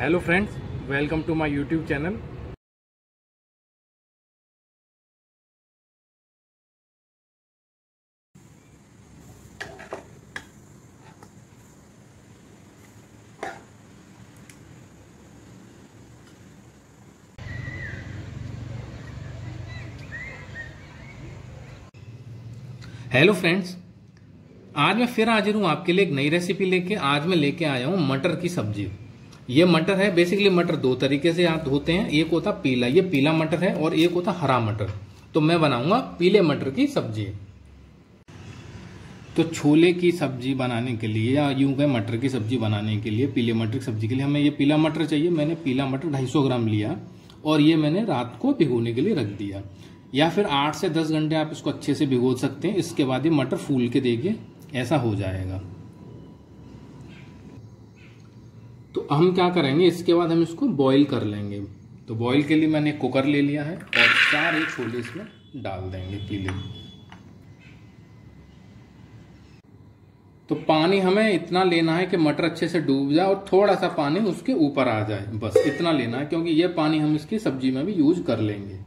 hello friends welcome to my YouTube channel hello friends आज मैं फिर हाजिर हूँ आपके लिए एक नई रेसिपी लेके आज मैं लेके आया हूँ मटर की सब्जी ये मटर है बेसिकली मटर दो तरीके से आप धोते हैं एक होता पीला ये पीला मटर है और एक होता हरा मटर तो मैं बनाऊंगा पीले मटर की सब्जी तो छोले की सब्जी बनाने के लिए या यूं कहें मटर की सब्जी बनाने के लिए पीले मटर की सब्जी के लिए हमें ये पीला मटर चाहिए मैंने पीला मटर 250 ग्राम लिया और ये मैंने रात को भिगोने के लिए रख दिया या फिर आठ से दस घंटे आप इसको अच्छे से भिगो सकते हैं इसके बाद ये मटर फूल के देखिए ऐसा हो जाएगा तो हम क्या करेंगे इसके बाद हम इसको बॉईल कर लेंगे तो बॉईल के लिए मैंने कुकर ले लिया है और चार एक छोले इसमें डाल देंगे पीले तो पानी हमें इतना लेना है कि मटर अच्छे से डूब जाए और थोड़ा सा पानी उसके ऊपर आ जाए बस इतना लेना है क्योंकि ये पानी हम इसकी सब्जी में भी यूज कर लेंगे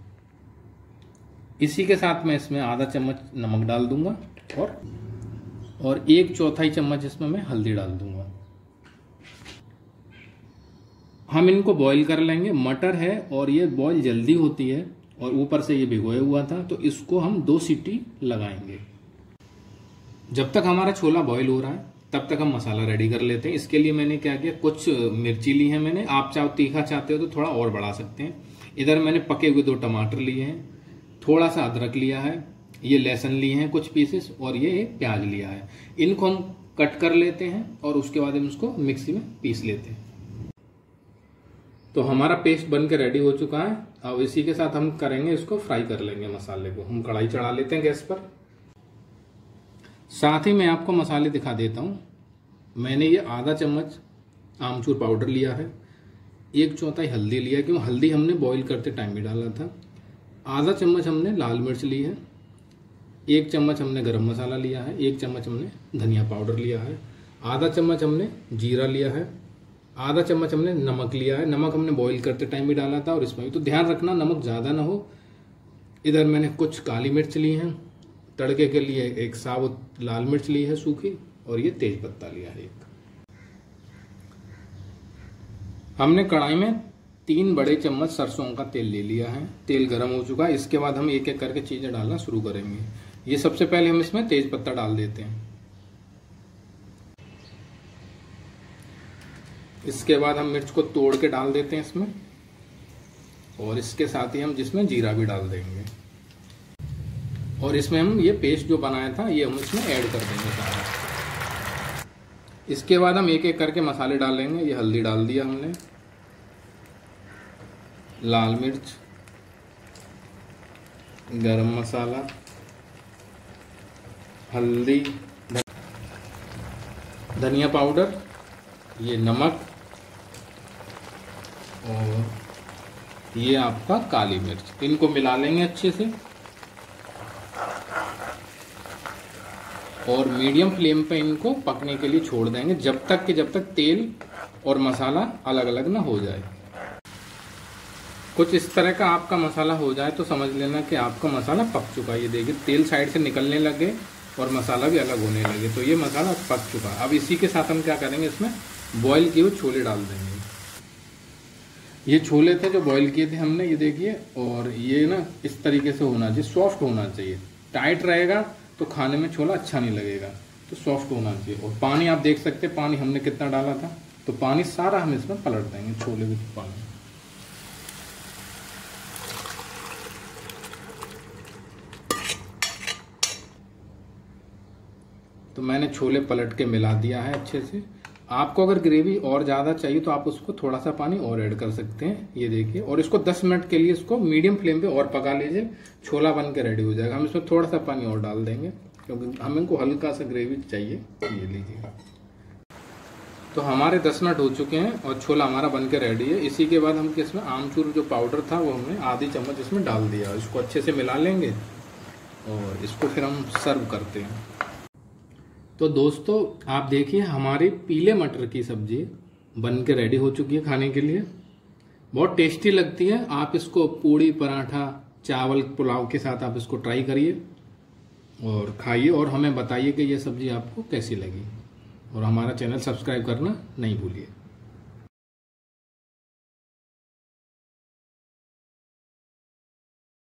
इसी के साथ मैं इसमें आधा चम्मच नमक डाल दूंगा और और एक चौथाई चम्मच इसमें मैं हल्दी डाल दूंगा हम इनको बॉईल कर लेंगे मटर है और ये बॉईल जल्दी होती है और ऊपर से ये भिगोया हुआ था तो इसको हम दो सीटी लगाएंगे जब तक हमारा छोला बॉईल हो रहा है तब तक हम मसाला रेडी कर लेते हैं इसके लिए मैंने क्या किया कुछ मिर्ची ली है मैंने आप चाहो तीखा चाहते हो तो थोड़ा और बढ़ा सकते हैं इधर मैंने पके हुए दो टमाटर लिए हैं थोड़ा सा अदरक लिया है ये लहसन लिए हैं कुछ पीसेस और ये एक प्याज लिया है इनको हम कट कर लेते हैं और उसके बाद हम इसको मिक्सी में पीस लेते हैं तो हमारा पेस्ट बन के रेडी हो चुका है अब इसी के साथ हम करेंगे इसको फ्राई कर लेंगे मसाले को हम कढ़ाई चढ़ा लेते हैं गैस पर साथ ही मैं आपको मसाले दिखा देता हूँ मैंने ये आधा चम्मच आमचूर पाउडर लिया है एक चौथाई हल्दी लिया क्यों हल्दी हमने बॉईल करते टाइम भी डाला था आधा चम्मच हमने लाल मिर्च ली है एक चम्मच हमने गरम मसाला लिया है एक चम्मच हमने धनिया पाउडर लिया है आधा चम्मच हमने जीरा लिया है आधा चम्मच हमने नमक लिया है नमक हमने बॉईल करते टाइम भी डाला था और इसमें भी तो ध्यान रखना नमक ज़्यादा ना हो इधर मैंने कुछ काली मिर्च ली है तड़के के लिए एक साबुत लाल मिर्च ली है सूखी और ये तेज पत्ता लिया है एक हमने कढ़ाई में तीन बड़े चम्मच सरसों का तेल ले लिया है तेल गर्म हो चुका है इसके बाद हम एक एक करके चीज़ें डालना शुरू करेंगे ये सबसे पहले हम इसमें तेज पत्ता डाल देते हैं इसके बाद हम मिर्च को तोड़ के डाल देते हैं इसमें और इसके साथ ही हम जिसमें जीरा भी डाल देंगे और इसमें हम ये पेस्ट जो बनाया था ये हम इसमें ऐड कर देंगे सारा इसके बाद हम एक एक करके मसाले डाल लेंगे ये हल्दी डाल दिया हमने लाल मिर्च गरम मसाला हल्दी धनिया पाउडर ये नमक और ये आपका काली मिर्च इनको मिला लेंगे अच्छे से और मीडियम फ्लेम पे इनको पकने के लिए छोड़ देंगे जब तक कि जब तक तेल और मसाला अलग अलग ना हो जाए कुछ इस तरह का आपका मसाला हो जाए तो समझ लेना कि आपका मसाला पक चुका है ये देखिए तेल साइड से निकलने लगे और मसाला भी अलग होने लगे तो ये मसाला पक चुका अब इसी के साथ हम क्या करेंगे इसमें बॉईल किए हुए छोले डाल देंगे ये छोले थे जो बॉईल किए थे हमने ये देखिए और ये ना इस तरीके से होना चाहिए सॉफ्ट होना चाहिए टाइट रहेगा तो खाने में छोला अच्छा नहीं लगेगा तो सॉफ्ट होना चाहिए और पानी आप देख सकते हैं पानी हमने कितना डाला था तो पानी सारा हम इसमें पलट देंगे छोले के पानी तो मैंने छोले पलट के मिला दिया है अच्छे से आपको अगर ग्रेवी और ज़्यादा चाहिए तो आप उसको थोड़ा सा पानी और ऐड कर सकते हैं ये देखिए और इसको 10 मिनट के लिए इसको मीडियम फ्लेम पे और पका लीजिए छोला बन के रेडी हो जाएगा हम इसमें थोड़ा सा पानी और डाल देंगे क्योंकि हमें को हल्का सा ग्रेवी चाहिए ये लीजिए तो हमारे 10 मिनट हो चुके हैं और छोला हमारा बन के रेडी है इसी के बाद हम इसमें आमचूर जो पाउडर था वो हमने आधी चम्मच इसमें डाल दिया इसको अच्छे से मिला लेंगे और इसको फिर हम सर्व करते हैं तो दोस्तों आप देखिए हमारी पीले मटर की सब्जी बन के रेडी हो चुकी है खाने के लिए बहुत टेस्टी लगती है आप इसको पूड़ी पराठा चावल पुलाव के साथ आप इसको ट्राई करिए और खाइए और हमें बताइए कि यह सब्जी आपको कैसी लगी और हमारा चैनल सब्सक्राइब करना नहीं भूलिए